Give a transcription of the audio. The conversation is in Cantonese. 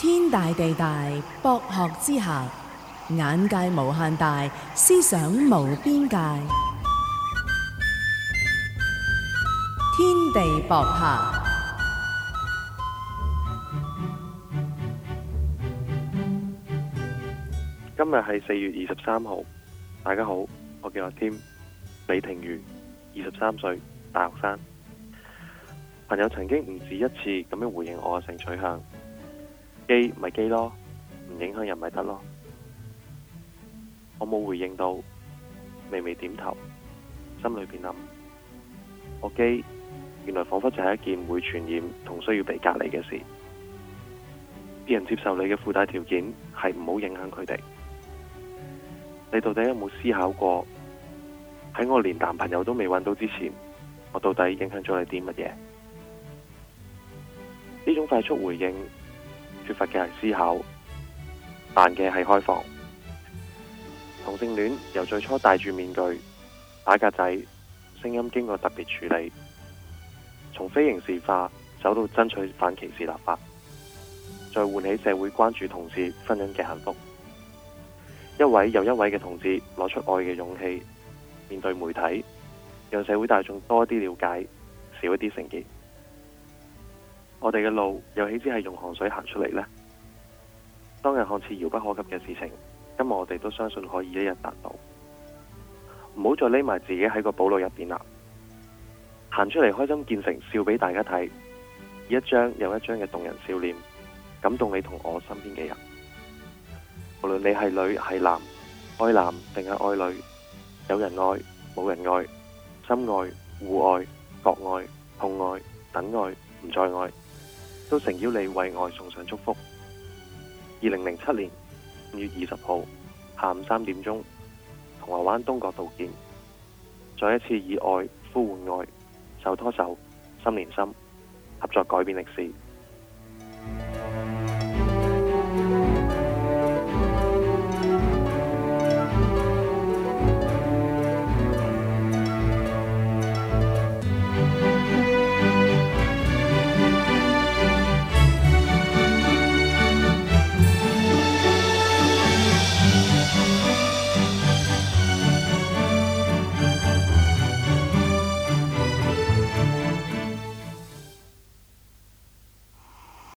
天大地大，博學之下，眼界無限大，思想無邊界。天地博客。今日係四月二十三號，大家好，我叫阿 Tim，李廷宇，二十三歲大學生。朋友曾經唔止一次咁樣回應我嘅性取向。機咪機咯，唔影響人咪得咯。我冇回應到，微微點頭，心裏邊諗：我機原來仿佛就係一件會傳染同需要被隔離嘅事。啲人接受你嘅附帶條件，係唔好影響佢哋。你到底有冇思考過？喺我連男朋友都未揾到之前，我到底影響咗你啲乜嘢？呢種快速回應。缺乏嘅係思考，難嘅係開放。同性戀由最初戴住面具、打格仔，聲音經過特別處理，從非刑事化走到爭取反歧視立法，再喚起社會關注同志婚姻嘅幸福。一位又一位嘅同志攞出愛嘅勇氣，面對媒體，讓社會大眾多啲了解，少一啲成見。我哋嘅路又豈止係用汗水行出嚟呢？當日看似遙不可及嘅事情，今日我哋都相信可以一日達到。唔好再匿埋自己喺個堡壘入邊啦，行出嚟開心見誠，笑俾大家睇，以一張又一張嘅動人笑臉，感動你同我身邊嘅人。無論你係女係男，愛男定係愛女，有人愛，冇人愛，深愛、互愛、博愛、痛愛、等愛、唔再愛。都誠邀你為愛送上祝福。二零零七年五月二十號下午三點鐘，銅鑼灣東角道見，再一次以愛呼喚愛，手拖手，心連心，合作改變歷史。